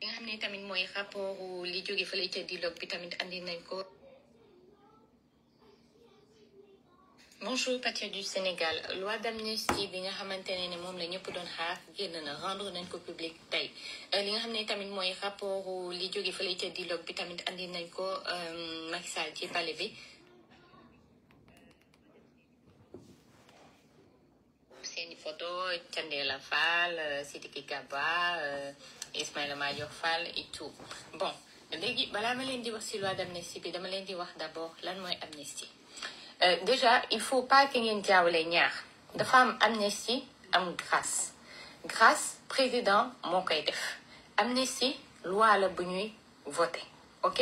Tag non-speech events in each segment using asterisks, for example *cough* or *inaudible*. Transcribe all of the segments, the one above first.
nga xam ne tamit mooy rapport li jóge fële ca dialogue bi tamit andi nañ ko. bonjour patria du Sénégal loi d'amnistie bi nga xamante ne ne moom la ñëpp doon xaar génn na rendre nañ ko public tey euh, li nga xam ne tamit mooy rapport li jóge fële ca dialogue bi tamit andi nañ ko euh, Macky Sall ci palais bi. seeni photo Thiendella Fall euh, Sidiki Kaba. Ismaïla Madior Fall et tout bon léegi balaa ma leen di wax si loi d'amnistie bi dama leen di wax d'abord lan mooy amnistie euh, déjà il faut pas que ngeen jaawale ñaar dafa am amnistie am grâce grâce président moo koy def amnistie loi la bu ñuy voté ok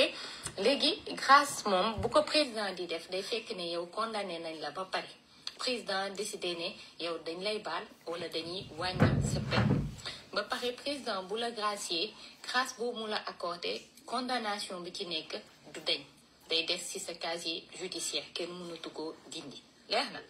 léegi grâce moom bu ko président di def day fekk ne yow condamné nañ la ba pare président décidé ne yow dañ lay baal wala dañuy wàññi sa peine ba pare président bu la gracier grâce boobu mu la accordé condamnation bi ci nekk du deñ day des ci sa casier judiciaire kenn mënatu ko dindi leer na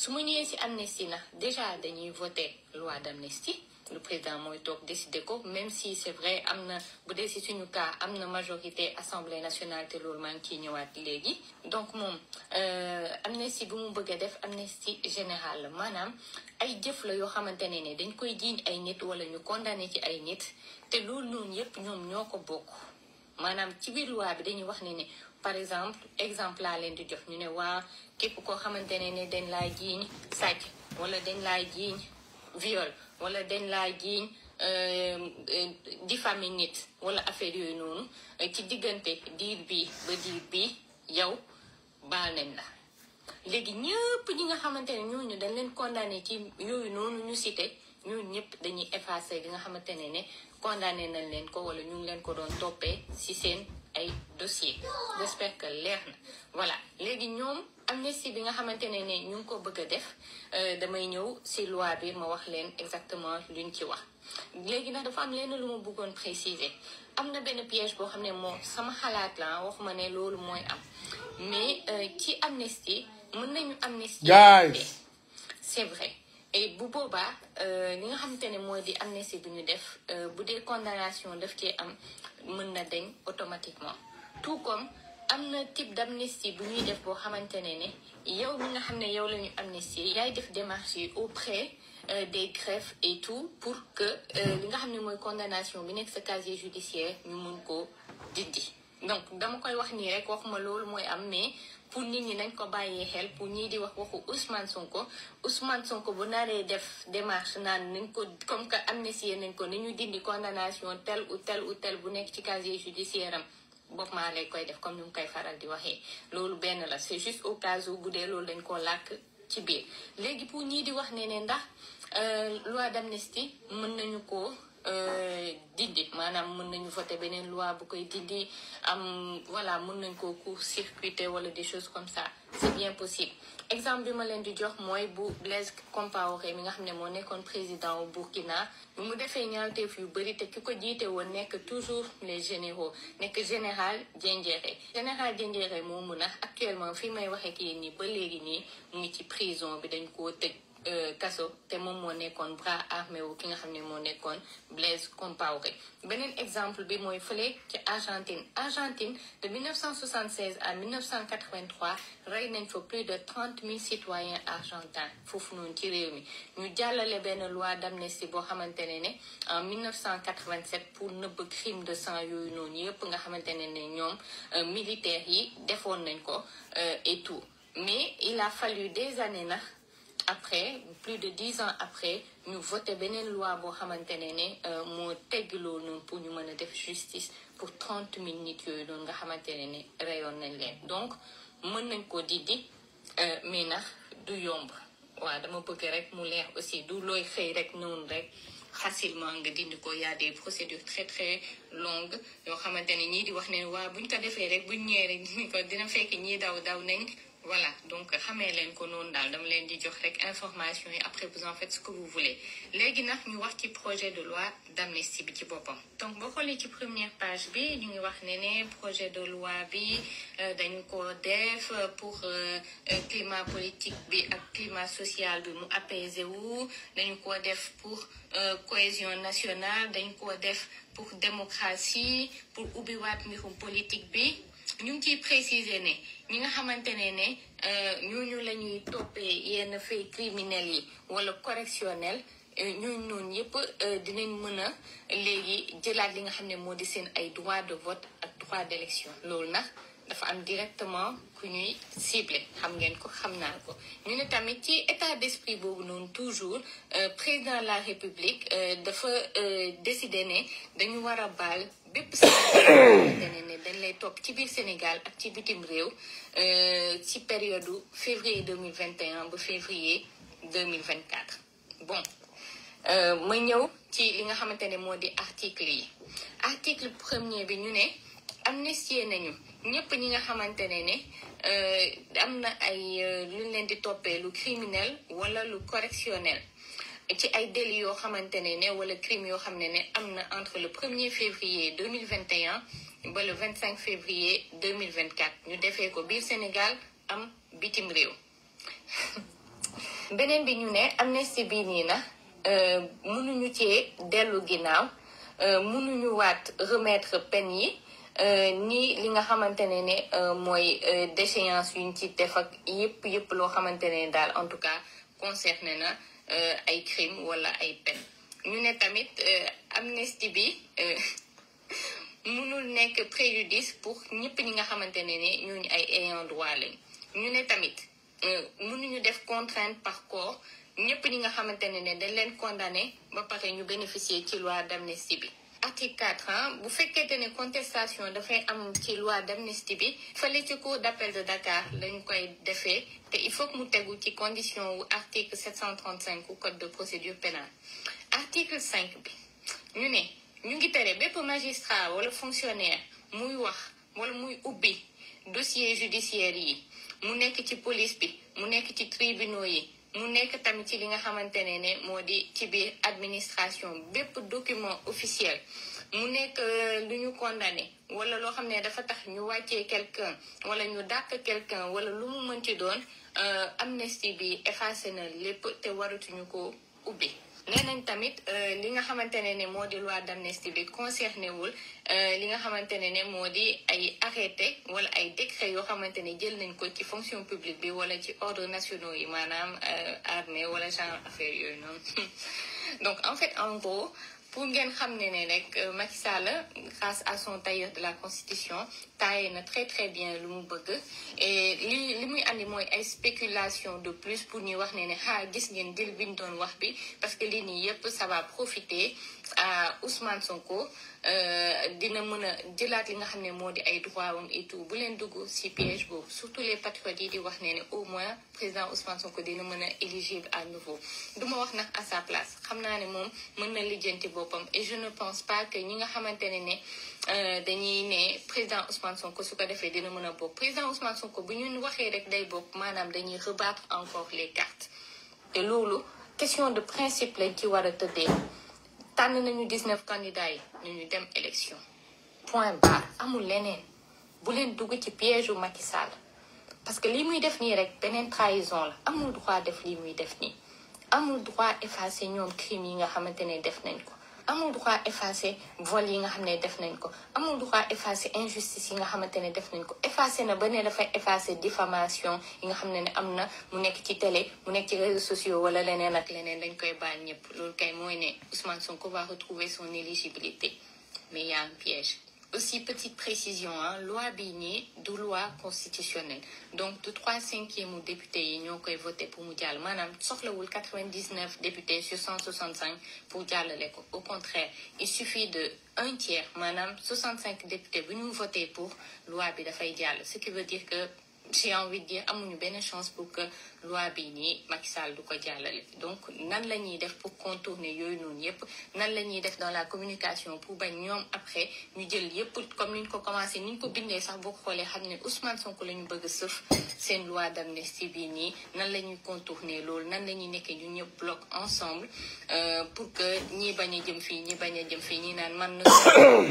su ma ñëwee ci amnistie na déjà dañuy voté loi d'amnistie le président mooy toog décider ko même si c'est vrai am na bu dee si suñu cas am na majorité assemblée nationale te loolu maa ngi ciy ñëwaat léegi donc moom euh, amnistie bu mu bëgg a def amnistie général maanaam ay jëf la yoo xamante ne ne dañ koy jiiñ ay nit wala ñu condamné ci ay nit te loolu noonu yépp ñoo ko bokk maanaam ci biir waa bi dañuy wax ne ne par exemple exemple laa leen di jox ñu ne waa képp koo xamante ne ne dañ laa jiiñ sàcc wala dañ laa jiiñ viol wala dañ laa jiiñ euh, euh, diffamé nit wala affaire yooyu noonu euh, ci diggante diir bi ba diir bi yow baal nañ la léegi ñëpp ñi nga xamante ne ñooñu dañ leen condamné ci yooyu noonu ñu cité ñooñu ñëpp dañuy effacé li nga xamante ne ne condamné nañ leen ko wala ñu leen ko doon toppee ci seen ay dossier j'espère que leer na voilà léegi ñoom amnistie bi nga xamante ne ne ñu ngi ko bëgg a def euh, damay ñëw si loi bi ma wax leen exactement luñ ci wax léegi nag dafa am lenn lu ma buggoon préciser am na benn piège boo xam ne moo sama xalaat la wax ma ne loolu mooy am mais euh, ci amnistie mën nañu amnistie c'est vrai et bu boobaa euh, li nga xamante ne mooy di amnistie bi ñu def bu dee condamnation daf ci am mën na deñ automatiquement tout comme am na type d'amnistie bu ñuy def boo xamante ne ne yow mi nga xam ne yow la ñu amnistie yaay def démarche yi auprès euh, des greffes et tout pour que euh, li nga xam ne mooy condamnation bi nekk sa casier judiciaire ñu mun ko dindi donc dama koy wax nii rek waxuma loolu mooy am mais pour nit ñi nañ ko bàyyee xel pour ñii di wax waxu Ousmane Sonko Ousmane Sonko bu naree def démarche naan nañ ko comme que amnistie nañ ko ni ñu dindi condamnation tel ou tel ou tel bu nekk ci casier judiciaire am bopp maa lay koy def comme ñu ngi koy faral di waxee loolu benn la c'est juste au cas où bu dee loolu dañ koo làkk ci biir léegi pour ñii di wax ne ne ndax euh, loi d'amnistie mën nañu ko Euh, dindi maanaam mën nañu voter beneen loi bu koy dindi am voilà mën nañ koo court-circuiter wala de choses comme ça c'est bien possible exemple bi ma leen di jox mooy bu Blaise Compaoré mi nga xam ne moo nekkoon président bu Burkina bu mu defee ñaawteef yu bëri te ki ko jiite woon nekk toujours les généraux nekk général Diendéré général Diendéré moom mun a actuellement fi may waxee kii nii ba léegi nii mu ngi ci prison bi dañ koo tëj casso euh, te moom moo nekkoon bras armé wu ki nga xam ne moo nekkoon Blaise Compaoré beneen exemple bi mooy fële ci Argentine Argentine de 1976 à 1983 rey nañ fa plus de 30 000 citoyens argentins foofu noonu ci réew mi ñu jàllale benn loi d'amnistie boo xamante ne ne en 1987 pour nëbb crime de sang yooyu noonu yëpp nga xamante ne ne ñoom euh, militaires yi defoon nañ ko euh, et tout mais il a fallu des années na après plus de dix ans après ñu voté beneen loi boo xamante ne ne euh, moo teggiloo noonu pour ñu mën a def justice pour trente mille nit yooyu noonu nga xamante ne ne rayoon nañ leen donc mën nañ ko diddi euh, mais nax du yomb waaw dama bëgg rek mu leex aussi du looy xëy rek noonu rek facilement nga dindi ko y a des procédures très très longues yoo xamante ne ñii di wax ne waa buñ ko defee rek bu ñëwee rek dinañ *laughs* ko dina fekk ñii daw daw nañ voilà donc xamee leen ko noonu daal dama leen di jox rek information yi après vous en faites ce que vous voulez léegi nag ñu wax ci projet de loi d'amnistie bi ci boppam. donc boo xoolee ci première page bi ñu ngi wax ne ne projet de loi bi euh, dañu ko def pour euh, climat politique bi ak climat social bi mu apaiser wu dañu ko def pour euh, cohésion nationale dañu ko def pour démocratie pour ubbiwaat mbirum politique bi. ñu ngi ciy préciser ne ñi nga xamante ne ne euh, ñooñu la ñuy toppee yenn faits criminels yi wala correctionnel euh, ñu noon yëpp euh, dinañ mën a léegi jëlaat li nga xam ne moo di seen ay droit de vote ak droit d'élection loolu nag dafa am directement ku ñuy ciblé xam ngeen ko xam naa ko ñu ne tamit ci état d'esprit boobu noonu toujours président de la république dafa décide ne dañu war a bal bépp sénégalais ne ne dañ lay topp ci biir Sénégal ak ci bitim réew euh, ci période février deux mille vingt et un ba février deux mille vingt bon euh, ma ñëw ci li nga xamante ne moo di article yi article premier bi ñu ne amnistie nañu ñëpp ñi nga xamante ne ne euh, am na ay ñu leen di toppee lu criminel wala lu correctionnel. ci ay dell yoo xamante ne ne wala crime yoo xam ne ne am na entre le premier février deux mille vingt et un ba le vingt cinq février deux mille vingt ñu defee ko biir Sénégal am bitim réew. beneen bi ñu ne amnistie bi nii na euh, mënuñu ci dellu ginnaaw euh, mënuñu waat remettre pen yi euh, nii li nga xamante ne ne mooy déchéance yuñ ci def ak yëpp yëpp loo xamante ne daal en tout cas concerné na. Euh, ay crime wala ay peine ñu ne tamit euh, amnistie bi euh, *laughs* mënul nekk préjudice pour ñëpp ñi nga xamante ne ne ñu ay ayant droit lañ ñu ne tamit mënuñu def contrainte par corps ñëpp ñi nga xamante ne ne dañ leen condamné ba pare ñu bénéficier ci loi d'amnistie bi article 4 bu fekkente ne contestation dafay am ci loi d'amnistie bi fa ci cour d'appel de Dakar lañ koy defee te il faut mu tegu ci condition wu article 735 u code de procédure pénale article 5 bi ñu ne ñu ngi tere bépp magistrat wala fonctionnaire muy wax wala muy ubbi dossier judiciaire yi mu nekk ci police bi mu nekk ci tribunaux yi mu nekk tamit ci li nga xamante ne ne moo di ci biir administration bépp document officiel mu nekk euh, lu ñu condamné wala loo xam ne dafa tax ñu wàccee quelqu'un wala ñu dàq quelqu'un wala lu mu mënti doon euh, amnistie bi effacé na lépp te waratuñu ko ubbi nee nañ tamit euh, li nga xamante ne ne moo di loi d'amnistie bi concerné wul euh, li nga xamante ne ne moo di ay arrêté wala ay décret yoo xamante ne jël nañ ko ci fonction publique bi wala ci ordre nationaux yi maanaam euh, armée wala genre affaire yooyu noonu *laughs* donc en fait en gros pour ngeen xam ne ne rek euh, Macky Sall grâce à son tailleur de la constitution taillé na très très bien lu mu bëgg e li muy andi mooy ay spéculation de plus pour ñuy wax ne ne xaa ah, gis ngeen dil biñ doon wax bi parce que li nii yëpp ça va profiter à Ousmane Sonko. Euh, dina mën a jëlaat yi nga xam ne moo di ay droit wam et bu leen dugg ci piège boobu surtout les patriotes yi di wax ne ne au moins président Ousmane Sonko dina mën a éligible à nouveau du ma wax nag à xam naa ne moom mën na lijjanti boppam et je ne pense pas que ñi nga xamante ne ne euh, dañuy ne président Ousmane Sonko su ko defee dina mën a bokk président Ousmane Sonko bu ñu waxee rek day bokk maanaam dañuy rebattre encore les cartes te loolu question de principe lañ ci war a tëddee tànn nañu 19 candidats yi nañu dem élection point barre amul leneen bu leen dugg ci piège u Macky parce que lii muy def nii rek beneen trahison la amul droit def lii muy def nii amul droit effacer ñoom crime yi nga xamante ne def nañ ko amul droit effacer vol yi nga xam ne def nañ ko amul droit effacer injustice yi nga xamante ne def nañ ko effacer na ba ne dafay effacer diffamation yi nga xam ne ne am na mu nekk ci télé mu nekk ci réseaux sociaux wala leneen ak leneen dañ koy baal ñëpp loolu kay mooy ne Ousmane Sonko va retrouver son éligibilité mais y a un piège aussi petite précision loi bi nii du loi constitutionnelle donc du trois cinquième u député yi ñoo koy voté pour mu jàll maanaam soxlawul 99 députés sur 165 pour jàllale ko au contraire il suffit de un tiers maanaam 65 députés bu ñu voté pour loi bi dafay jàll ce qui j'ai envie de amuñu benn chance pour que loi bi nii Macky Sall du ko jàllale donc nan la ñuy def pour contourner yooyu noonu yépp nan la ñuy def dans la communication pour bañ ñoom après ñu jël yépp comme ni ñu ko commencé ni ñu ko bindee sax boo xoolee xam ne Ousmane Sonko la ñu bëgg a sëf seen ne si bii nii nan la ñuy contourner loolu nan la ñuy nekkee ñu ñëpp bloc ensemble euh, pour que ñii bañ a jëm fii ñii bañ a jëm fii ñii naan man na Sonko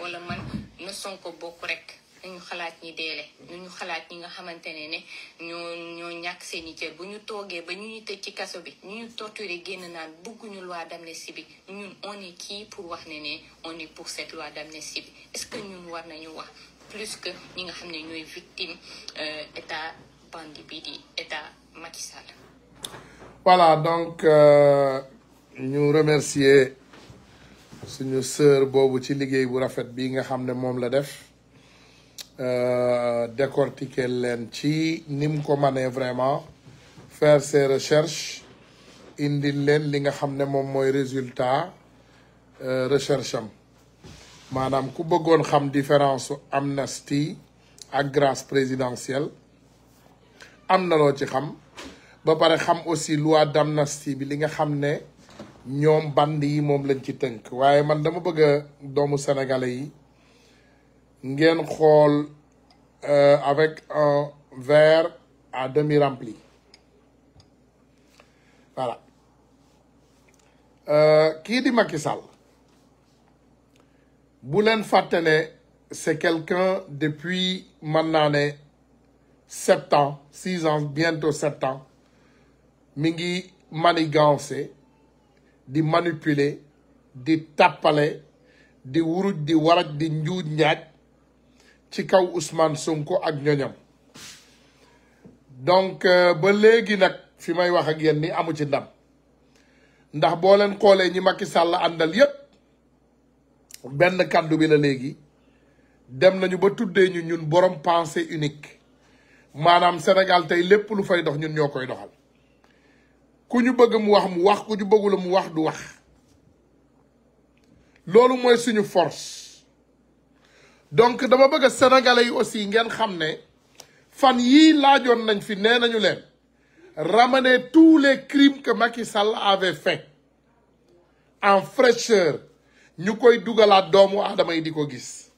wala man na Sonko bokk rek nañu xalaat ñi deele nañu mm-hmm. xalaat ñi nga xamante ne ne ñoo ñoo ñàkk seen i cër bu ñu toogee ba ñu ñu tëj ci kaso bi ñu ñu torturé génn naan bëgguñu loi d'amnistie bi ñun on est kii pour wax ne ne on est pour cette loi d'amnistie bi est-ce que ñun war nañu wax plus que ñi nga xam ne ñooy victime euh, état bandi bi di état Macky Sall voilà donc euh, ñu remercier suñu sœur boobu ci liggéey bu rafet bi nga xam ne moom la def Euh, décortiquer leen ci ni mu ko manee vraiment faire ses recherches indi leen li nga xam ne moom mooy résultat euh, recherche am maanaam ku bëggoon xam différence su amnistie ak grâce présidentielle am na loo ci xam ba pare xam aussi loi d'amnistie bi li nga xam ne ñoom band yi moom lañ ci tënk waaye man dama bëgg doomu sénégalais yi ngeen xool euh, avec un verre à demi rempli voilà euh, kii di makisal Sall bu leen fàtte ne c'est quelqu'un depuis mën naa ne sept ans six ans bientôt sept ans mi ngi manigancé di manipuler di tàppale di wuruj di waraj di njuuj njaaj ci kaw Ousmane Sonko ak ñoñam donc euh, ba léegi nag fi may wax ak yéen ni amu ci ndam ndax boo leen xoolee ñi Macky sàll àndal yépp benn kàndu bi la léegi dem nañu ba tuddee ñu ñun borom pensée unique maanaam Sénégal tey lépp lu fay dox ñun ñoo koy doxal ku ñu bëgg mu wax mu wax ku ñu bëggul mu wax du wax loolu mooy suñu force donc dama bëgg a sénégalais yi aussi ngeen xam ne fan yii laajoon nañ fi nee nañu leen ramener tous les crimes que Macky Sall avait fait en fraîcheur ñu koy dugalaat doomu aadama yi di ko gis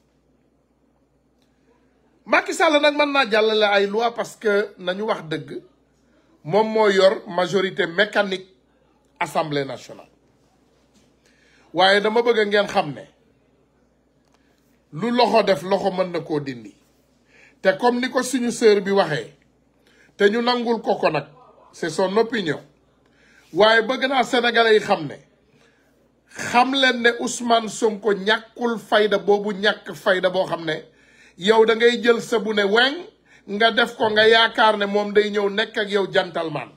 Macky nag mën naa jàllale ay loi parce que nañu wax dëgg moom moo yor majorité mécanique assemblée nationale waaye dama bëgg ngeen xam ne lu loxo def loxo mën na koo dindi te comme ni ko suñu sœur bi waxee te ñu nangul ko ko nag c'est noppi ñëw waaye bëgg naa sénégalais yi xam ne xam leen ne Ousmane Sonko ñàkkul fayda boobu ñàkk fayda boo xam ne yow dangay jël sa bu ne weng nga def ko nga yaakaar ne moom day ñëw nekk ak yow gentleman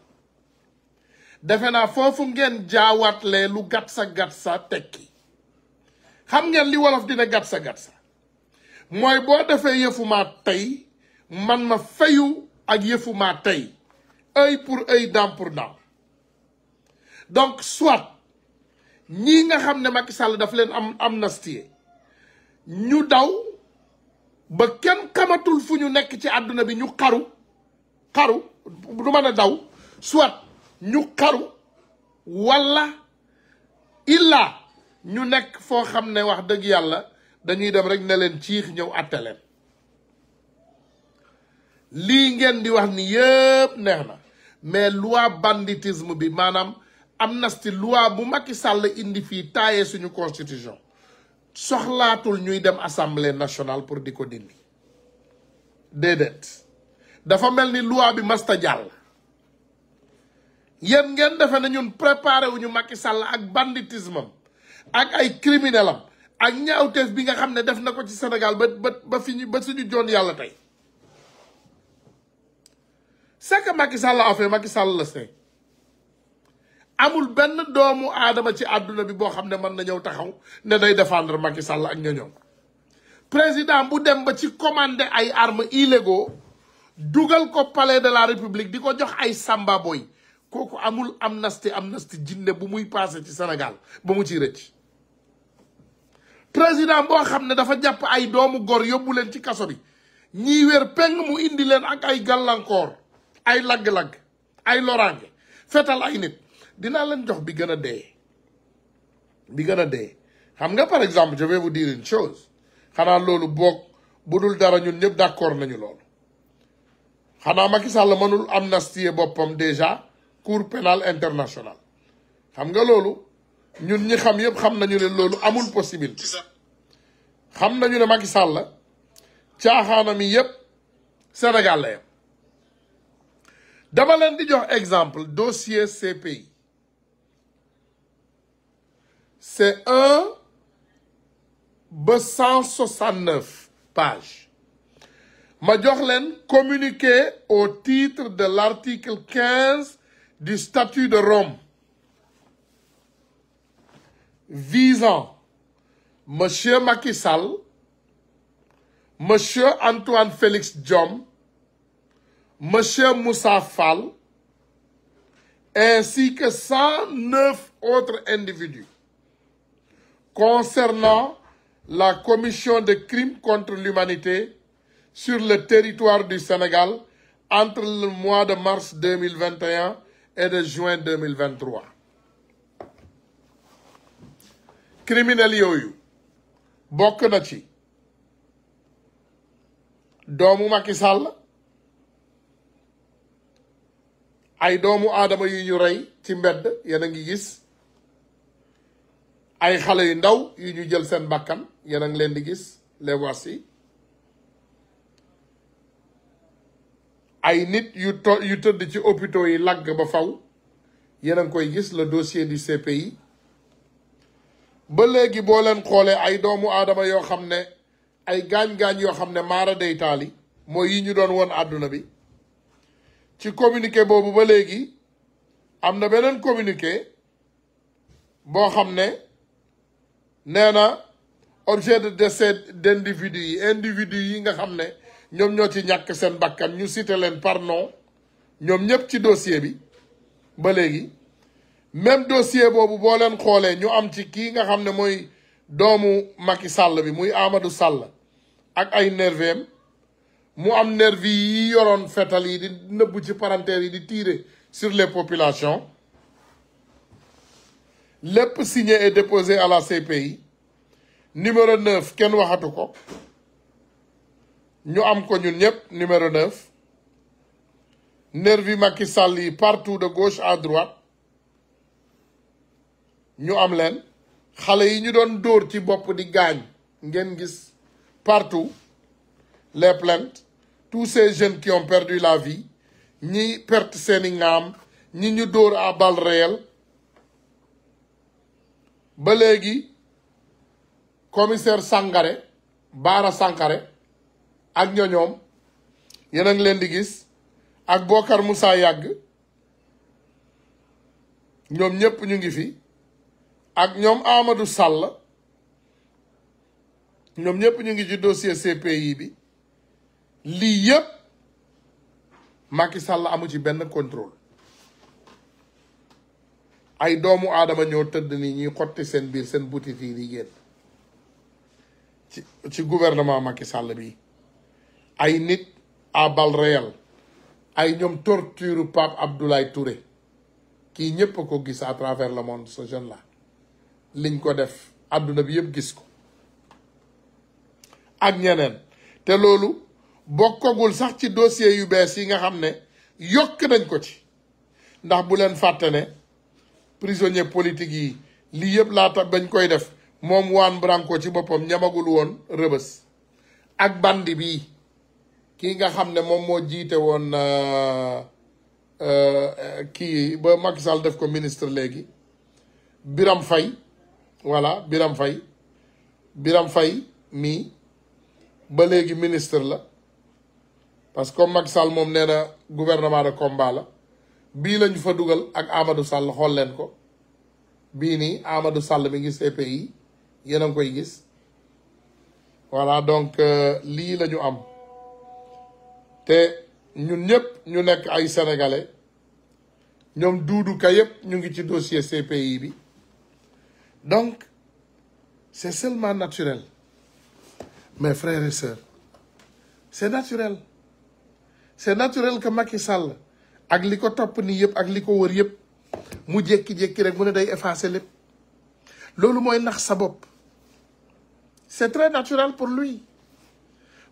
defe naa foofu ngeen jaawaatlee lu gatsa gatsa tekki xam ngeen li wolof dina gàtt gatsa gatsa mooy boo defee yëfu maa tey man ma fayu ak yëfu maa tey œil pour œil dent pour dent donc soit ñii nga xam ne Macky Sall daf leen am amnistie ñu daw ba kenn xamatul fu ñu nekk ci àdduna bi ñu xaru xaru du mën a daw soit ñu xaru walla illa ñu nekk foo xam ne wax dëgg yàlla dañuy dem rek ne leen ciix ñëw àtte lii ngeen di wax ni yëpp neex na mais loi banditisme bi maanaam amnistie loi bu Macky sàll indi fii taaye suñu constitution soxlaatul ñuy dem assemblée nationale pour di ko dindi déedéet dafa mel ni loi bi masta jàll yéen ngeen defe ne ñun préparé wuñu Macky Sall ak banditisme am ak ay criminel ak ñaawteef bi nga xam ne def na ko ci senegal ba ba fi ñu ba suñu jon yàlla tey c'est que Macky Sall a fait Macky la see amul benn doomu aadama ci àdduna bi boo xam ne mën na ñëw taxaw ne day défendre Macky Sall ak ñëw président bu dem ba ci commander ay armes illégaux dugal ko palais de la république di ko jox ay samba boy kooku amul amnistie amnistie jinne bu muy passé ci senegal ba mu ci rëcc président boo xam ne dafa jàpp ay doomu góor yóbbu leen ci kaso bi ñiy wér peng mu indi leen ak ay gàllankoor ay lagg-lagg ay loraange fetal ay nit dinaa leen jox bi gën a dee bi gën a dee xam nga par exemple je vais chose xanaa loolu boog bu dul dara ñun ñëpp d'accord nañu loolu xanaa Macky Sall mënul amnistier boppam déjà cour pénale internationale xam nga loolu ñun ñi xam yëpp xam nañu leen loolu amul possibilité xam nañu ne Macky Sall caaxaanam mi yëpp Sénégal la dama leen di jox exemple dossier CPI c'est un ba cent soixante-neuf ma jox leen communiqué au titre de l'article quinze du statut de Rome visant monsieur Macky Sall monsieur Antoine Félix Diome monsieur Moussa Fall ainsi que 109 autres individus concernant la commission de crimes contre l'humanité sur le territoire du Sénégal entre le mois de mars 2021 et de juin 2023. criminel yooyu bokk na ci doomu Macky sàll ay doomu aadama yu ñu rey ci mbedd yéen a ngi gis ay xale yu ndaw yu ñu jël seen bakkan yéen a ngi leen di gis les voici ay nit yu to yu tëdd ci hôpitaux yi lagg ba faw yéen a ngi koy gis la dossier du CPI ba léegi boo leen xoolee ay doomu aadama yoo xam ne ay gaañ-gaañ yoo xam ne maara day taali mooy yi ñu doon woon àdduna bi ci communiqué boobu ba léegi am na beneen communiqué boo xam ne nee na objet de décès d'individu yi individu yi nga xam ne ñoom ñoo ci ñàkk seen bakkan ñu cité leen ñoom ñëpp ci dossier bi ba léegi même dossier boobu boo leen xoolee ñu am ci kii nga xam ne mooy doomu Macky sàll bi muy Amadou Sall ak ay nerveem mu am nervi yi yoroon fetal yi di nëbbu ci parenthèse yi di tiire sur les populations lépp signé et déposé à la yi numéro 9 kenn waxatu ko ñu am ko ñu ñëpp numéro 9 nervi Macky Sall yi partout de gauche à droite ñu am leen xale yi ñu doon dóor ci bopp di gaañ ngeen gis partout les plaintes tous ces jeunes qui ont perdu la vie ñi perte seeni ngaam ñi ñu dóor à balles réelles ba léegi commissaire sànkare Baara Sangaré ak ñoñoom yéen a leen di gis ak Bokar Moussa Yàgg ñoom ñëpp ñu ngi fi ak ñoom Amadou Sall ñoom ñépp ñu ngi ci dossier CPI bi lii yëpp Macky sàll amu ci benn contrôle ay doomu aadama ñoo tëdd ni ñuy xotti seen biir seen butit yi di ci ci gouvernement Macky sàll bi ay nit à balles réelles ay ñoom torture Pape Abdoulaye Touré kii ñëpp ko gis à travers le monde ce jeune là liñ ko def àdduna bi yëpp gis ko ak ñeneen te loolu bokkagul sax ci dossier yu bees yi nga xam ne yokk nañ ko ci ndax bu leen fàtte ne prisonnier politique yi lii yëpp laata bañ koy def moom Juan Branco ci boppam ñamagul woon rëbës ak bandi bii kii nga xam ne moom moo jiite woon euh, euh, kii ba Macky Sall def ko ministre léegi Biram fay voilà Biram Fay Biram Fay mii ba léegi ministre la parce que comme Macky Sall moom nee na gouvernement de combat la bii lañu fa dugal ak Amadou Sall xool leen ko bii nii Amadou Sall mi ngi CPI yéen a ngi koy gis voilà donc euh, lii la ñu am te ñun ñëpp ñu nekk ay sénégalais ñoom duudu ka yëpp ñu ngi ci dossier CPI bi donc c'est seulement naturel mes frères et sœurs c'est naturel c'est naturel que Macky Sall ak li ko topp nii yëpp ak li ko wër yëpp mu jékki-jékki rek mu ne day effacer lépp loolu mooy nax sa bopp c'est très naturel pour luy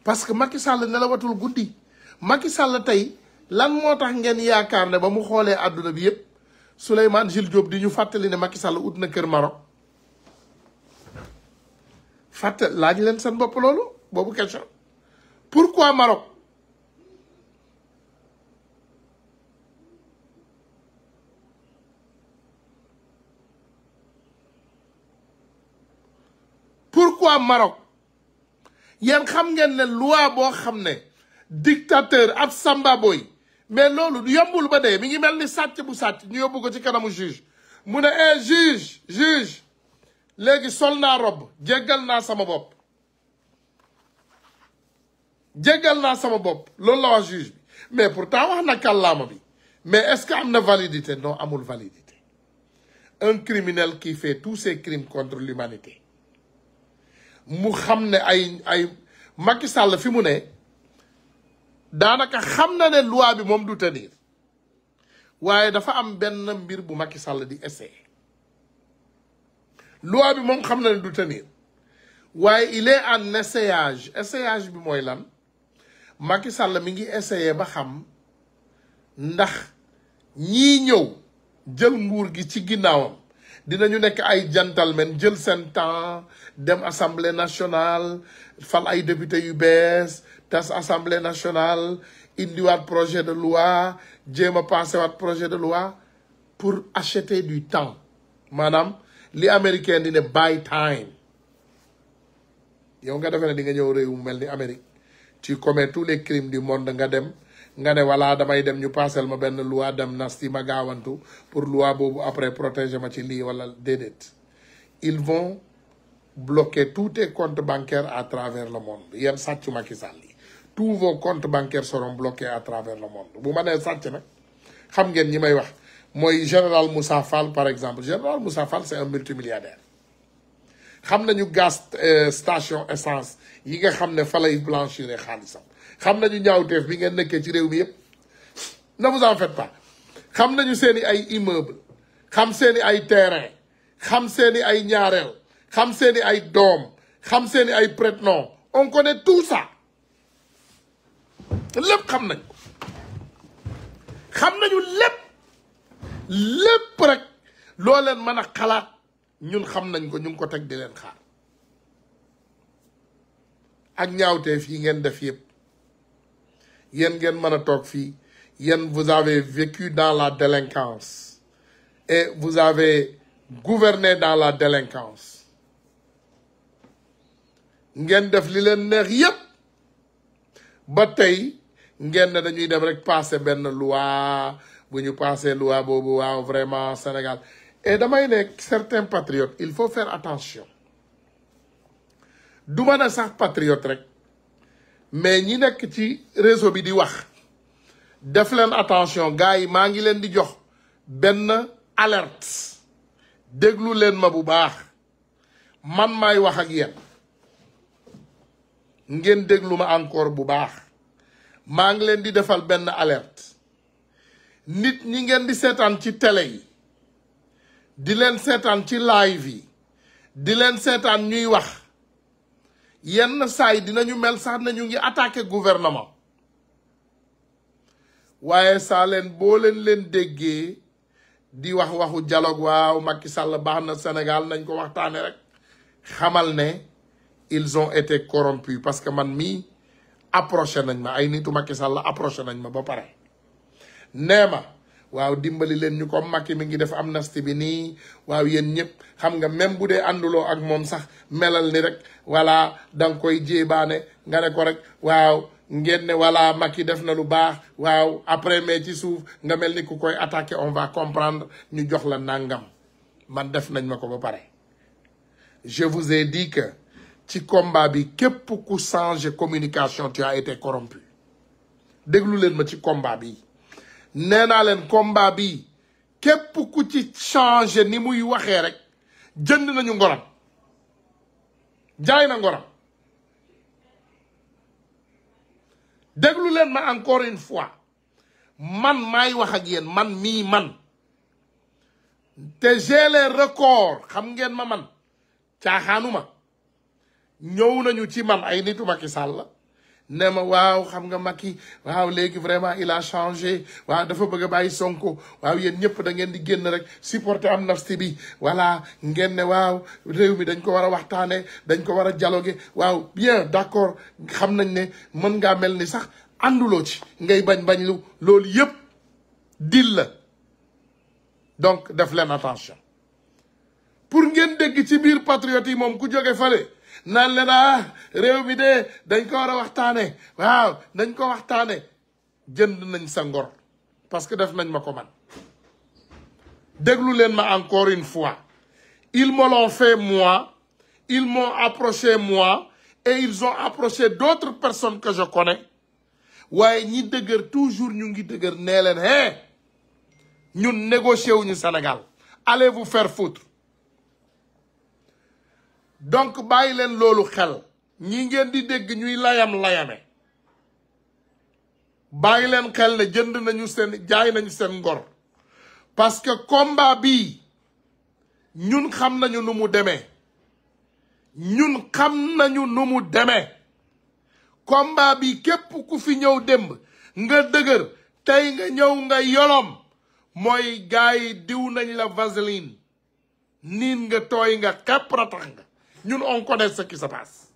parce que Macky Sall watul guddi Macky Sall tey lan moo tax ngeen yaakaar ne ba mu xoolee àdduna bi yëpp Souleymane Jules Diop di ñu fàttali ne Macky Sall ut na kër Maroc fàtte laaj leen seen bopp loolu boobu question pourquoi Maroc pourquoi Maroc yéen xam ngeen ne loi boo xam ne dictateur ab samba boy mais loolu yombul ba dee mi ngi mel ni sàcc bu sàcc ñu yóbbu ko ci kanamu juge mu ne eh juge juge léegi sol naa robb jéggal naa sama bopp jéggal naa sama bopp loolu la wax juge bi mais pourtant wax na kàllaama bi mais est-ce que am na validité non amul validité un criminel kii fait tous ces crimes contre l'humanité mu xam ne ay ay Macky Sall fi mu ne daanaka xam na ne loi bi moom du tenir waaye dafa am benn mbir bu Macky Sall di essayer loi bi moom xam na ne du tenir waaye il est en essayage essayage bi mooy lan Macky Sall mi ngi essayer ba xam ndax ñi ñëw jël nguur gi ci ginnaawam dinañu nekk ay gentlemen jël seen temps dem assemblée national fal ay député yu bees tas assemblée nationale indiwaat projet de loi jéem a passé waat projet de loi pour acheter du temps maanaam li américain di ne buy time yow nga defee ne di nga ñëw réew mu mel ni Amérique ci commets tous les crimes du monde nga dem nga ne voilà damay dem ñu paasal ma benn loi d'amnistie ma gaawantu pour loi boobu après protéger ma ci lii wala déedéet ils vont bloquer tous tes comptes bancaires à travers le monde yéen sàccu ma ki yi tous vos comptes bancaires seront bloqués à travers le monde bu ma nee sàcc nag xam ngeen ñi may wax mooy général Moussa Fall par exemple général Moussa Fall c'est un multimilliardaire xam nañu gaz euh, station essence yi nga xam ne fa lay blanchir xaalisam xam nañu ñaawteef bi ngeen nekkee ci réew mi yépp ne vous en faites pas xam nañu seeni ay immeuble xam seeni ay terrain xam seeni ay ñaareel xam seeni ay doom xam seeni ay prête-noms on connaît tout ça lépp xam nañ xam nañu lépp lépp rek loo leen mën a xalaat ñun xam nañ ko ñu ngi ko teg di leen xaar ak ñaawteef fii ngeen def yëpp yéen ngeen mën a toog fii yéen vous avez vécu dans la délinquance et vous avez gouverné dans la délinquance ngeen def li leen neex yëpp ba tey ngeen ne dañuy dem rek passer benn loi bu ñu passé loi boobu waaw vraiment Sénégal et damay nekk certains patriotes il faut fair attention du mën a sax patriote rek mais ñi nekk ci réseau bi di wax def leen attention gars yi maa ngi leen di jox benn alerte déglu leen ma bu baax man maay wax ak yéen ngeen déglu ma encore bu baax maa ngi leen di defal benn alerte nit ñi ngeen di seetaan ci télé yi di leen seetaan ci live yi di leen seetaan ñuy wax yenn saa yi dinañu mel na ñu ngi attaque gouvernement waaye saa leen boo leen leen déggee di wax waxu dialogue waaw Macky Sall baax na Sénégal nañ ko waxtaane rek xamal ne ils ont été corrompus parce que man mii approcher nañ ma ay nitu Macky Sall approché nañ ma ba pare nee ma waaw dimbali leen ñu ko Macky mi ngi def am nasti bi nii waaw yéen ñëpp xam nga même bu dee ànduloo ak moom sax melal ni rek voilà da nga koy jéebaane nga ne ko rek waaw ngeen ne voilà Macky def na lu baax waaw après mais ci suuf nga mel ni ku koy attaqué on va comprendre ñu jox la nàngam man def nañ ma ko ba pare. je vous ai dit que ci combat bi képp ku changé communication tu as été corrompu déglu leen ma ci combat bi. nee naa leen combat bi képp ku ci changé ni muy waxee rek jënd nañu ngoram jaay na ngoram déglu leen ma encore une fois man maay wax ak yéen man mii man te gele les xam ngeen ma man caaxaanuma ñëw nañu ci man ay nitu Macky Sall la ne ma waaw xam nga Macky waaw léegi vraiment il a changé waaw dafa bëgg a bàyyi Sonko waaw yéen ñëpp da ngeen di génn rek supporter am amnistie bi voilà ngeen ne waaw réew mi dañ ko war a waxtaanee dañ ko war a dialoguer waaw bien d'accord xam nañ ne mën ngaa mel ni sax ànduloo ci ngay bañ-bañ lu loolu yëpp dil la donc def leen attention pour ngeen dégg ci biir patriote yi moom ku jóge fale naan leen ah réew mi de dañ ko war a waxtaane waaw dañ ko waxtaane jënd nañ sa ngor parce que def nañ ma ko man déglu leen ma encore une fois ils me l'ont fait moi ils m'ont approché moi et ils ont approché d'autres personnes que je connais waaye ñi dëgër toujours ñu ngi dëgër nee leen hé ñun wuñu Sénégal allez vous faire foutre donc bàyyi leen loolu xel ñi ngeen di dégg ñuy layam layame bàyyi leen xel ne jënd nañu seen jaay nañu seen ngor parce que combat bii ñun xam nañu nu mu demee ñun xam nañu nu mu demee komba bi képp ku fi ñëw démb nga dëgër tey nga ñëw nga yolom mooy gaay yi diw nañ la vaseline niin nga tooy nga xepp ratax nga ñun on connaît ce qui se passe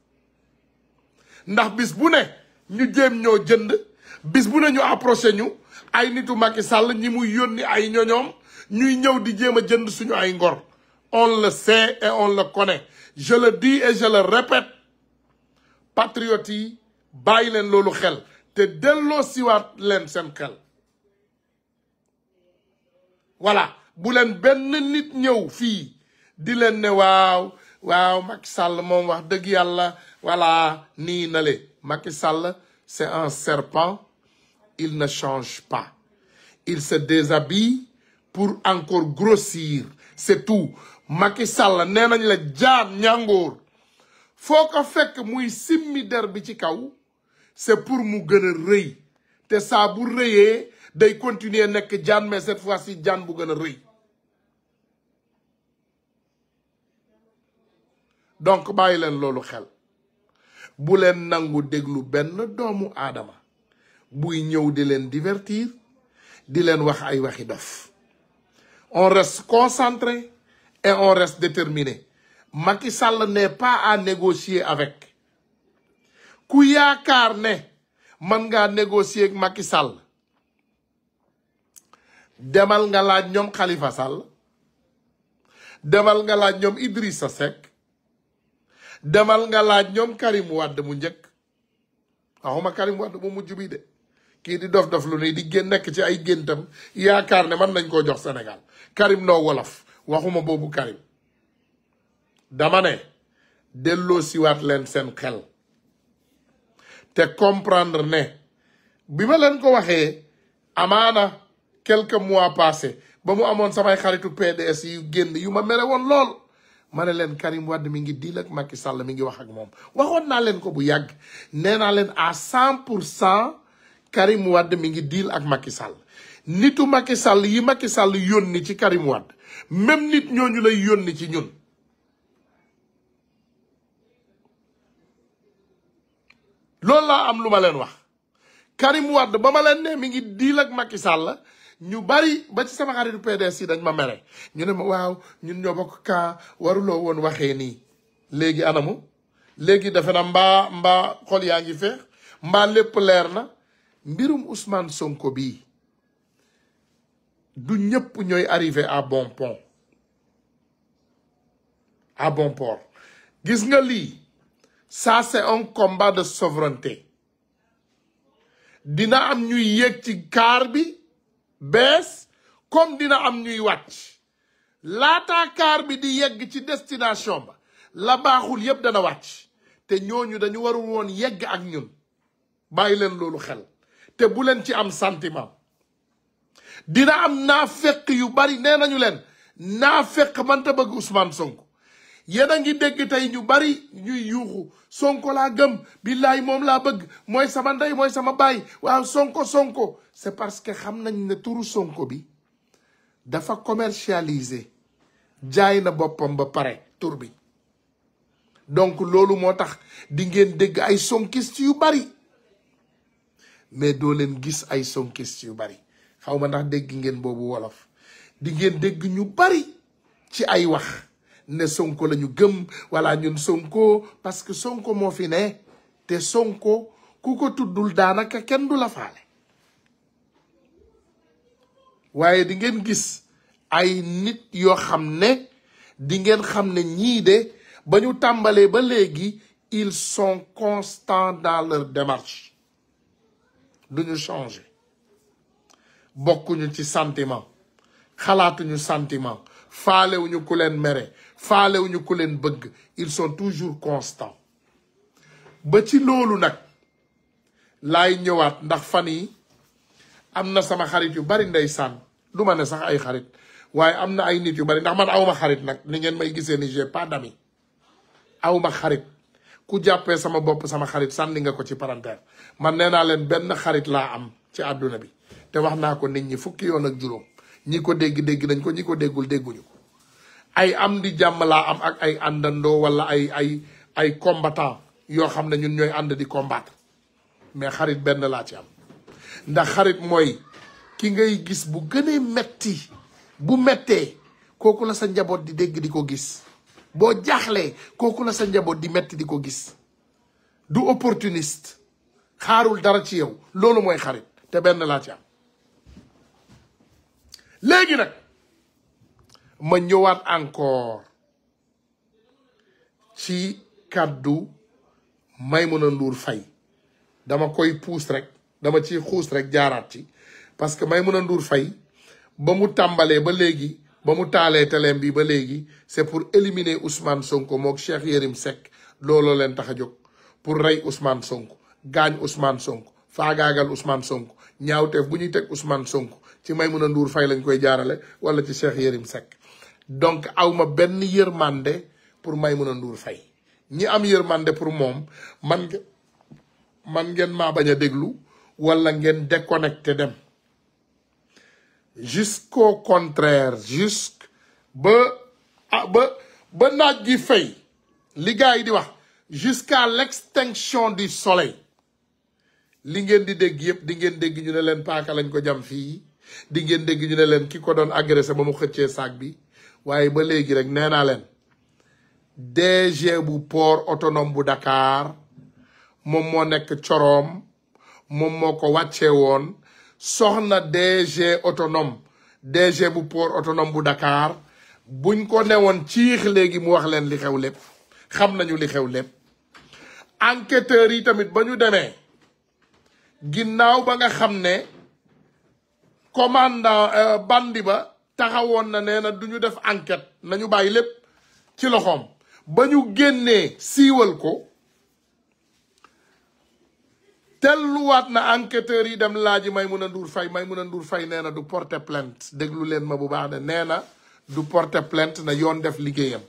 ndax bis bu ne ñu jéem ñoo jënd bis bu ne ñu approcher ñu ay nitu Macky sàll ñi muy yónni ay ñoñoom ñuy ñëw di jéem a jënd suñu ay ngor on le sait et on le connaît je le dis et je le répète patriotes yi bàyyi leen loolu xel te delloo siwaat leen seen xel voilà bu leen benn nit ñëw fii di leen ne waaw waaw Macky Sall moom wax dëgg yàlla voilà nii na le Macky Sall c'est un serpent il ne change pas il se déshabille pour encore grossir c'est tout Macky Sall nee nañ la jaar ñàngoor foo ko fekk muy simmi der bi ci kaw c'est pour mu gën a rëy te saa bu rëyee day continuer nekk jaan mais cette fois-ci jaan bu gën a rëy donc bàyyi leen loolu xel bu leen nangu déglu benn doomu aadama buy ñëw di leen divertir di leen wax ay waxi dof on reste concentré et on reste déterminé Macky Sall n'est pas à négocier avec ku yaakaar ne man ngaa négocier ak Macky Sall demal nga laaj ñoom Khalifa Sall demal nga laaj ñoom Idrissa demal nga laaj ñoom Karim Wade mu njëkk waxuma Karim Wade mu mujj bi de kii di dof dof lu di génn nekk ci ay géntam yaakaar ne man nañ koo jox Sénégal Karim noo wolof waxuma boobu Karim dama ne delloo siwaat leen seen xel te comprendre ne bi ma leen ko waxee amaana quelques mois passé ba mu amoon samay xaritu PDS yu génn yu ma mere woon lool ma ne leen Karim Wade mi ngi diil ak Macky Sall mi ngi wax ak moom waxoon naa leen ko bu yàgg nee naa leen à cent pour cent Karim Wade mi ngi diil ak Macky sàll nitu Macky sàll yi Macky sàll yónni ci Karim Wade même nit ñoo ñu lay yónni ci ñun loolu laa am lu ma leen wax Karim Wade ba ma leen ne mi ngi diil ak Macky sàll ñu bari ba ci sama xaritu PDS yi dañ ma mere ñu ne ma waaw ñun ñoo bokk kaa waruloo woon waxee nii léegi anamu léegi defe na mbaa mbaa xol yaa ngi feex mbaa lépp leer na mbirum Ousmane Sonko bii du ñëpp ñooy arrivé à bon pont à bon port gis nga lii ça c'est un combat de souveraineté dina am ñuy yéeg ci kaar bi bees comme dina am ñuy wàcc laata kaar bi di yegg ci destination ba la baaxul yépp dana wàcc te ñooñu dañu warul woon yegg ak ñun bàyyi leen loolu xel te bu leen ci am sentiment dina am naafeq yu bari nee nañu leen naafeq manta bëgg Ousmane Sonko yéen a ngi dégg tey ñu bari ñuy yuuxu Sonko laa gëm billaay moom laa bëgg mooy sama ndey mooy sama baay waa Sonko Sonko c'est parce que xam nañ ne turu Sonko bi dafa commercialisé jaay na boppam ba pare tour bi donc loolu moo tax di ngeen dégg ay sonkist yu bari mais doo leen gis ay sonkist yu bari xaw ma ndax dégg ngeen boobu wolof di ngeen dégg ñu bari ci ay wax ne Sonko lañu gëm wala ñun Sonko parce que Sonko moo fi ne te Sonko ku ko tuddul daanaka kenn du la faale waaye di ngeen gis ay nit yoo xam ne di ngeen xam ne ñii de ba ñu tàmbalee ba léegi ils son constants dans leur démarche duñu changer bokkuñu ci sentiment xalaatuñu sentiment faalewuñu ku leen mere faalewuñu ku leen bëgg ils sont toujours constants ba ci loolu nag lay ñëwaat ndax fan yi am na sama xarit yu bari ndey ndeysaan du ma ne sax ay xarit waaye am na ay nit yu bari ndax man awma xarit nag ni ngeen may gisee ni j'ai pas d'amis awma xarit ku jàppee sama bopp sama xarit sànni nga ko ci parenthèse man nee naa leen benn xarit laa am ci àdduna bi te wax naa ko nit ñi fukki yoon ak juróom ñi ko dégg dégg nañ ko ñi ko déggul dégguñu ko ay am di jàmm laa am ak ay àndandoo wala ay ay ay combattant yoo xam ne ñun ñooy ànd di combattre mais xarit benn laa ci am ndax xarit mooy ki ngay gis bu gënee metti bu mettee kooku la sa njaboot di dégg di ko gis boo jaaxlee kooku la sa njaboot di metti di ko gis du opportuniste xaarul dara ci yow loolu mooy xarit te benn laa ci am léegi nag ma ñëwaat encore ci kàddu Maimouna Ndour Faye dama koy puus rek dama ci xuus rek jaaraat ci parce que a nduur Faye ba mu tàmbalee ba léegi ba mu taalee teleem bi ba léegi c'est pour éliminer Ousmane Sonko mook Cheikh Yérim sekk looloo leen tax a jóg pour rey Ousmane Sonko gaañ Ousmane Sonko faagaagal Ousmane Sonko ñaawteef bu ñuy teg Ousmane Sonko ci may a nduur Faye lañ koy jaarale wala ci Cheikh Yérim sekk donc awma benn yërmande pour may a nduur Faye ñi am yërmande pour moom man man ngeen maa bañ a déglu wala ngeen déconnecté dem jusqu'au contraire jusque ba ah ba ba naaj gi fay li yi di wax jusqu'à l'extinction du soleil li ngeen di dégg yëpp di ngeen dégg ñu ne leen paaka lañ ko jam fii di ngeen dégg ñu ne leen ki ko doon agressé ba mu xëccee saak bi waaye ba léegi rek nee naa leen DG bu port autonome bu Dakar moom moo nekk coroom moom moo ko wàcce woon soxna DG autonome DG bu port autonome bu Dakar buñ ko newoon ciix léegi mu wax leen li xew lépp xam nañu li xew lépp enquêteurs yi tamit ba ñu demee ginnaaw ba nga xam ne commandant euh, bandi ba taxawoon na nee na du ñu def enquête nañu bàyyi lépp ci loxoom ba ñu génnee siiwal ko delluwaat na enquêteurs yi dem laaji Maimouna Ndour Faye Maimouna Ndour Faye nee na du porter plainte déglu leen ma bu baax de nee na du porter plainte na yoon def liggéeyam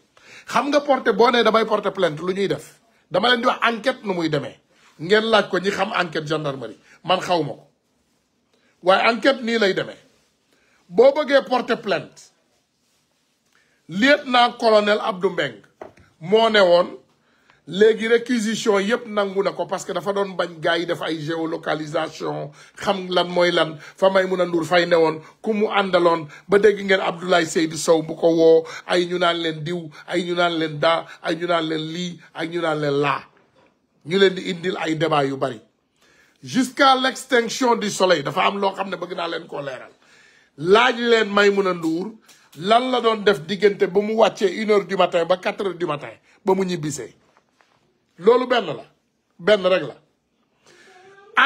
xam nga porter boo nee damay porter plainte lu ñuy def dama leen di wax enquête nu muy demee ngeen laaj ko ñi xam enquête gendarmerie man xaw ma ko waaye enquête nii lay deme boo bëggee porter plainte lieutenant colonel Abdou Mbeng moo ne woon léegi réquisition yëpp nangu na ko parce que dafa doon bañ gars yi def ay géolocalisation xam lan mooy lan fa mun Maïmouna Ndour Faye newoon ku mu àndaloon ba dégg ngeen Abdoulaye Seydou Sow bu ko woo ay ñu naan leen diw ay ñu naan leen daa ay ñu naan leen lii ay ñu naan leen laa ñu leen di indil ay débat yu bari jusqu'à l'extinction du soleil dafa am loo xam ne bëgg naa leen ko leeral laaj leen may Maïmouna nduur lan la doon def diggante ba mu wàccee une heure du ba quatre heures ba mu ñibbisee loolu benn la benn rek la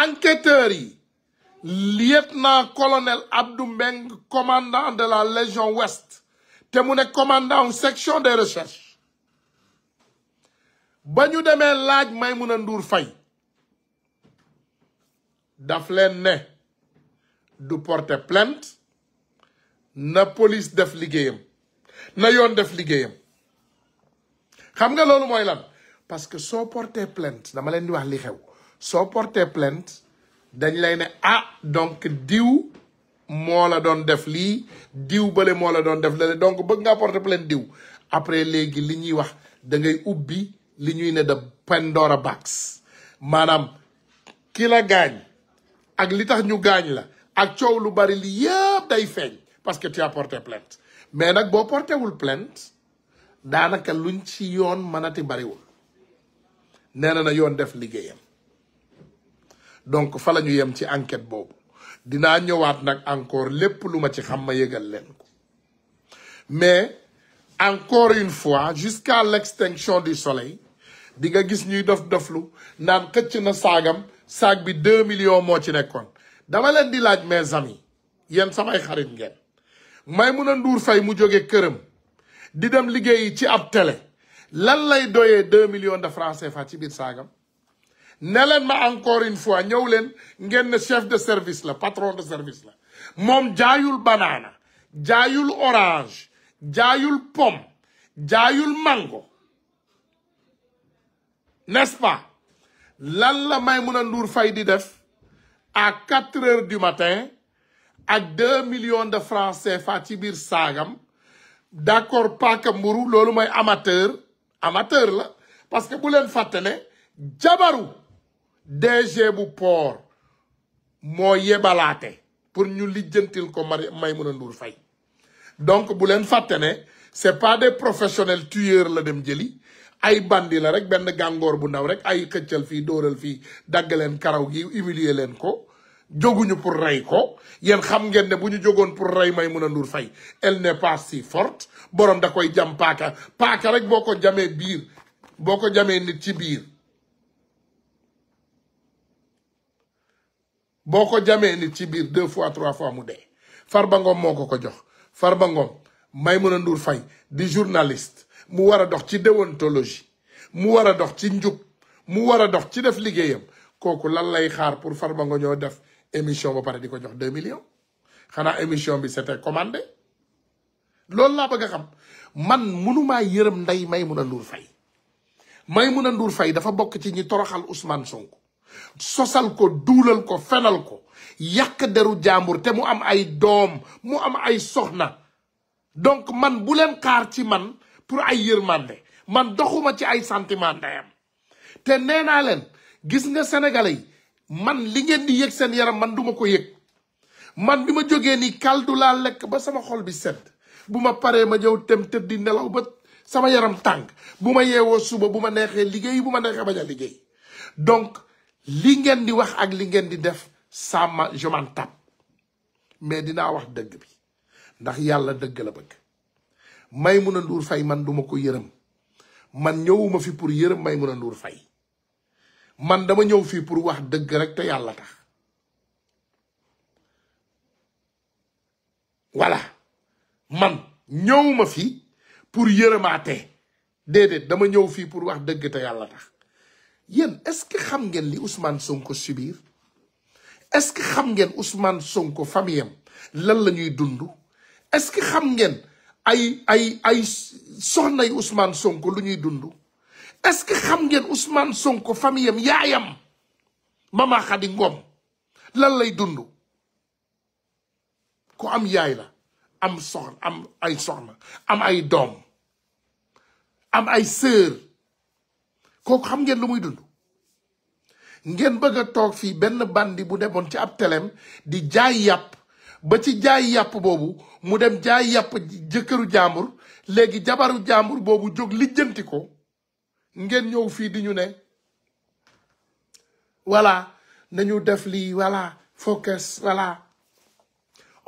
enquêteurs yi lieutenant colonel Abdou Mbeng commandant de la légion ouest te mu ne commandant section des recherches ba ñu demee laaj may Maimouna Ndour Faye daf leen ne du porte plainte na police def liggéeyam na yoon def liggéeyam xam nga loolu mooy lan parce que soo porté plainte dama leen di wax li xew soo porté plainte dañ lay ne ah donc diw moo la doon def lii diw bële moo la doon def lale donc bëgg ngaa porté plainte diw après léegi li ñuy wax da ngay ubbi li ñuy ne de Pandora box maanaam ki la gaañ ak li tax ñu gaañ la ak coow lu bari li yëpp day feeñ parce que ti as porté plainte mais nag boo porté wul plainte daanaka luñ ci yoon mënati bariwul nee na na yoon def liggéeyam donc fa la ñu yem ci enquête boobu dinaa ñëwaat nag encore lépp lu ma ci xam ma yëgal leen ko mais encore une fois jusqu'à l'extinction du soleil di nga gis ñuy dof doflu naan xëcc na saagam saag bi deux million moo ci nekkoon dama leen di laaj mes amis yéen samay xarit ngeen a Ndour Faye mu jóge këram di dem liggéeyi ci ab télé lan lay doyee deux millions de francs CFA ci biir saagam ne leen ma encore une fois ñëw leen ngeen ne chef de service la patron de service la moom jaayul banaana jaayul orange jaayul pomme jaayul mango n'est-ce pas lan la Maïmouna Ndour fay di def à quatre heures du matin ak deux millions de francs fa ci biir saagam d'accord paaka mburu loolu mooy amateur amateur la parce que bu leen fàtte ne jabaru DG bu port moo yebalaate pour ñu lijjantil ko may Maimouna Ndour fay donc bu leen fàtte ne c'est pas des professionnel tueurs la dem jëli ay bandi la rek benn gàngoor bu ndaw rek ay xëccal fii dóoral fii dagg leen karaw gi umilier leen ko jóguñu pour rey ko yéen xam ngeen ne bu ñu jogoon pour rey Maimouna Ndour Faye elle n'est pas si forte boroom da koy jam paaka paaka rek boo ko jamee biir boo ko jamee nit ci biir boo ko jamee nit ci biir deux fois trois fois mu dee Farba Ngom moo ko ko jox Farba Ngom Maimouna Ndour Faye di journaliste mu war a dox ci déontologie mu war a dox ci njub mu war a dox ci def liggéeyam kooku lan lay xaar pour Farba Ngom ñoo def émission ba pare di ko jox deux millions xanaa émission bi c'était commandé loolu laa bëgg a xam man munumaa yërëm ndey Maimouna Ndour Faye Maimouna nduur fay dafa bokk ci ñi toroxal Ousmane Sonko sosal ko duulal ko fenal ko yàq deru jàmbur te mu am ay doom mu am ay soxna donc man bu leen xaar ci man pour ay yërmande man doxuma ci ay sentiment ndeyam te nee naa leen gis nga sénégalais yi man li ngeen di yëg seen yaram man duma ko yëg man bi ma jógee ni kaldu laa lekk ba sama xol bi sedd bu ma paree ma jëw tem tëdd di nelaw ba sama yaram tànk bu ma yeewoo suba bu ma neexee liggéey bu ma neexee bañ a liggéey donc li ngeen di wax ak li ngeen di def sama je m'en mais dinaa wax dëgg bi ndax yàlla dëgg la bëgg Maimouna Ndour fay man duma ko yërëm man ñëwuma fi pour yërëm Maimouna Ndour fay man dama ñëw fii pour wax dëgg rek te yàlla tax voilà man ñëwuma fii pour yërëmaatee déedéet dama ñëw fii pour wax dëgg te yàlla tax yéen est-ce que xam ngeen li Ousmane Sonko subir est-ce que xam ngeen Ousmane Sonko famiyam lan la ñuy dund est-ce que xam ngeen ay ay ay soxnay Ousmane Sonko lu ñuy dund est que xam ngeen Ousmane Sonko famille am yaayam Mama Khady Ngom lan lay dund ku am yaay la am soxna am ay doom am ay sœur kooku xam ngeen lu muy dund ngeen bëgg a toog fii benn bandi bu demoon ci ab teleem di jaay yàpp ba ci jaay yàpp boobu mu dem jaay yàpp jëkkëru jàmbur léegi jabaru jàmbur boobu jóg lijjanti ko ngeen ñëw fii di ñu ne voilà nañu def lii voilà focus voilà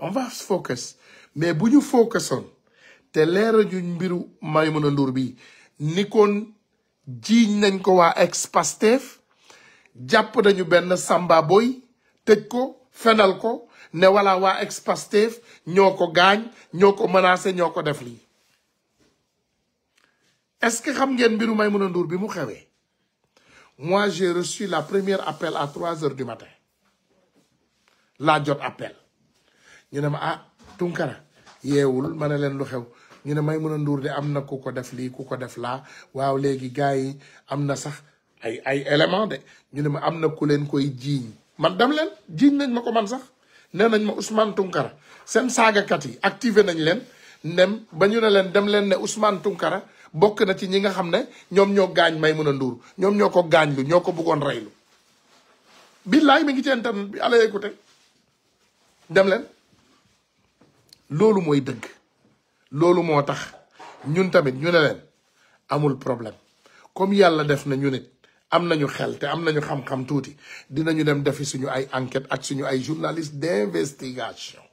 on va focus mais bu ñu focusoon te leera ñu mbiru Maïmouna Ndour bi ni koon jiiñ nañ ko waa ex Pastef jàpp nañu benn Samba Boy tëj ko fenal ko ne wala waa ex Pastef ñoo ko gaañ ñoo ko menacé ñoo ko def lii est-ce que xam ngeen mbiru Maïmouna Ndour bi mu xewee mois j'ai reçu la première appel à trois heures du matin laa jot appel ñu ne ma ah Tunkara yeewul ma ne leen lu xew ñu ne may Maïmouna nduur de am na ku ko def lii ku ko def laa waaw léegi gars yi am na sax ay ay élément de ñu ne ma am na ku leen koy jiiñ man dem leen jiiñ nañ ma ko man sax nee nañ ma Ousmane Tunkara seen saagakat yi activer nañ leen ndem ba ñu ne leen dem leen ne Ousmane Tunkara bokk na ci ñi nga xam ne ñoom ñoo gaañ may a Ndour ñoom ñoo ko gaañ lu ñoo ko bëggoon rey billaay mi ngi ci internet bi allez écouter dem leen loolu mooy dëgg loolu moo tax ñun tamit ñu ne leen amul problème comme yàlla def na ñu nit am nañu xel te am nañu xam-xam tuuti dinañu dem defi suñu ay enquête ak suñu ay journaliste d'investigation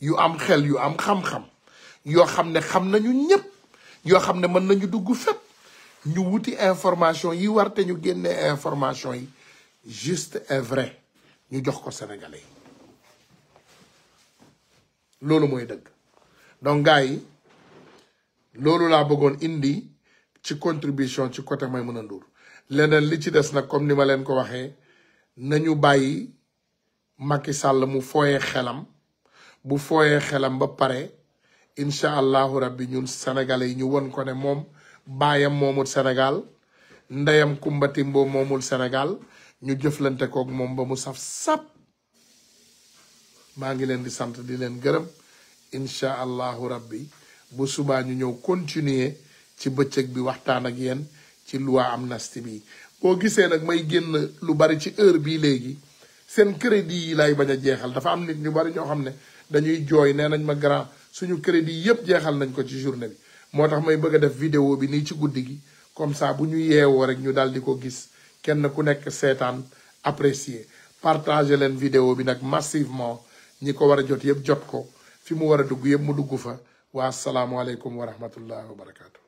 yu am xel yu am xam-xam yoo xam ne xam nañu ñëpp yoo xam ne mën nañu dugg fépp ñu wuti information yi war ñu génne information yi juste et vrai ñu jox ko Sénégalais loolu mooy dëgg donc gars loolu laa bëggoon indi ci contribution ci côté a Ndour leneen li ci des nag comme ni ma leen ko waxee nañu bàyyi Macky Sall mu fooyee xelam bu fooyee xelam ba pare incha allahu rabbi ñun sénégalais yi ñu won ko ne moom baayam moomul sénégal ndeyam Kumba Timbo moomul sénégal ñu jëflante koog moom ba mu saf sap maa ngi leen di sant di leen gërëm incha allahu rabbi bu subaa ñu ñëw continuer ci bëccëg bi waxtaan ak yéen ci loi amnistie bi boo gisee nag may génn lu bari ci heure bii léegi seen crédit yi lay bañ a jeexal dafa am nit ñu bari ñoo xam ne dañuy jooy nee nañ ma grand suñu crédit yëpp jeexal nañ ko ci journée bi moo tax may bëgg a def vidéo bi nii ci guddi gi comme ça bu ñu yeewoo rek ñu daal di ko gis kenn ku nekk seetaan apprécier partager leen vidéo bi nag massivement ñi ko war a jot yëpp jot ko fi mu war a dugg yëpp mu dugg fa waa asalaamualeykum wa rahmatullah wa barakaatu.